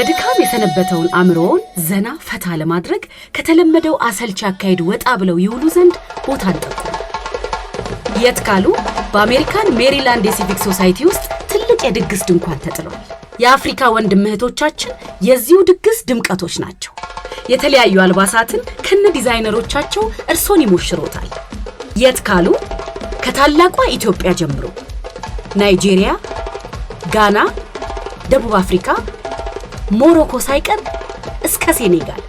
በድካም የሰነበተውን አእምሮውን ዘና ፈታ ለማድረግ ከተለመደው አሰልቺ አካሄድ ወጣ ብለው ይውሉ ዘንድ ቦታ አንጠቁ። የት ካሉ በአሜሪካን ሜሪላንድ የሲቪክ ሶሳይቲ ውስጥ ትልቅ የድግስ ድንኳን ተጥሏል። የአፍሪካ ወንድም እህቶቻችን የዚሁ ድግስ ድምቀቶች ናቸው። የተለያዩ አልባሳትን ከነ ዲዛይነሮቻቸው እርሶን ይሞሽሮታል። የት ካሉ ከታላቋ ኢትዮጵያ ጀምሮ ናይጄሪያ፣ ጋና፣ ደቡብ አፍሪካ ሞሮኮ ሳይቀር እስከ ሴኔጋል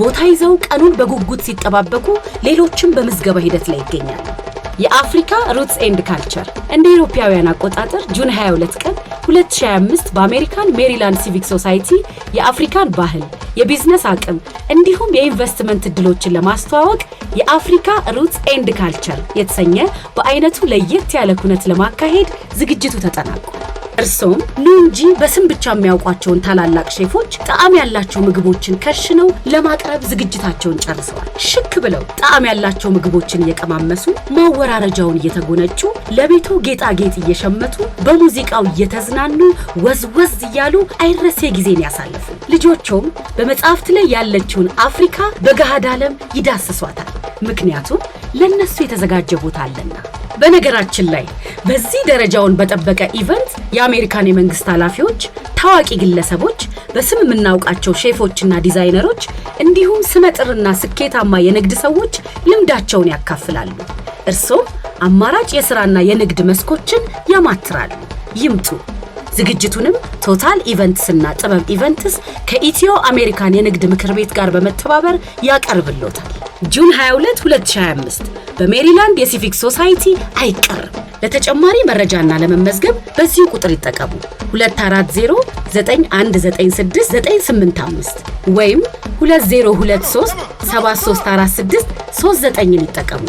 ቦታ ይዘው ቀኑን በጉጉት ሲጠባበቁ፣ ሌሎችም በምዝገባ ሂደት ላይ ይገኛሉ። የአፍሪካ ሩትስ ኤንድ ካልቸር እንደ ኢሮፓውያን አቆጣጠር ጁን 22 ቀን 2025 በአሜሪካን ሜሪላንድ ሲቪክ ሶሳይቲ የአፍሪካን ባህል፣ የቢዝነስ አቅም እንዲሁም የኢንቨስትመንት እድሎችን ለማስተዋወቅ የአፍሪካ ሩትስ ኤንድ ካልቸር የተሰኘ በአይነቱ ለየት ያለ ኩነት ለማካሄድ ዝግጅቱ ተጠናቋል። እርስዎም ኑ እንጂ በስም ብቻ የሚያውቋቸውን ታላላቅ ሼፎች ጣዕም ያላቸው ምግቦችን ከሽነው ለማቅረብ ዝግጅታቸውን ጨርሰዋል። ሽክ ብለው ጣዕም ያላቸው ምግቦችን እየቀማመሱ ማወራረጃውን እየተጎነጩ ለቤቱ ጌጣጌጥ እየሸመቱ በሙዚቃው እየተዝናኑ ወዝወዝ እያሉ አይረሴ ጊዜን ያሳልፉ። ልጆቹም በመጽሐፍት ላይ ያለችውን አፍሪካ በገሃድ ዓለም ይዳስሷታል። ምክንያቱም ለእነሱ የተዘጋጀ ቦታ አለና። በነገራችን ላይ በዚህ ደረጃውን በጠበቀ ኢቨንት የአሜሪካን የመንግስት ኃላፊዎች፣ ታዋቂ ግለሰቦች፣ በስም የምናውቃቸው ሼፎችና ዲዛይነሮች እንዲሁም ስመጥርና ስኬታማ የንግድ ሰዎች ልምዳቸውን ያካፍላሉ። እርስም አማራጭ የሥራና የንግድ መስኮችን ያማትራሉ። ይምጡ። ዝግጅቱንም ቶታል ኢቨንትስና ጥበብ ኢቨንትስ ከኢትዮ አሜሪካን የንግድ ምክር ቤት ጋር በመተባበር ያቀርብሎታል። ጁን 22 2025 በሜሪላንድ የሲቪክ ሶሳይቲ አይቀርም። ለተጨማሪ መረጃና ለመመዝገብ በዚህ ቁጥር ይጠቀሙ 2409196985 ወይም 2023 ን ይጠቀሙ።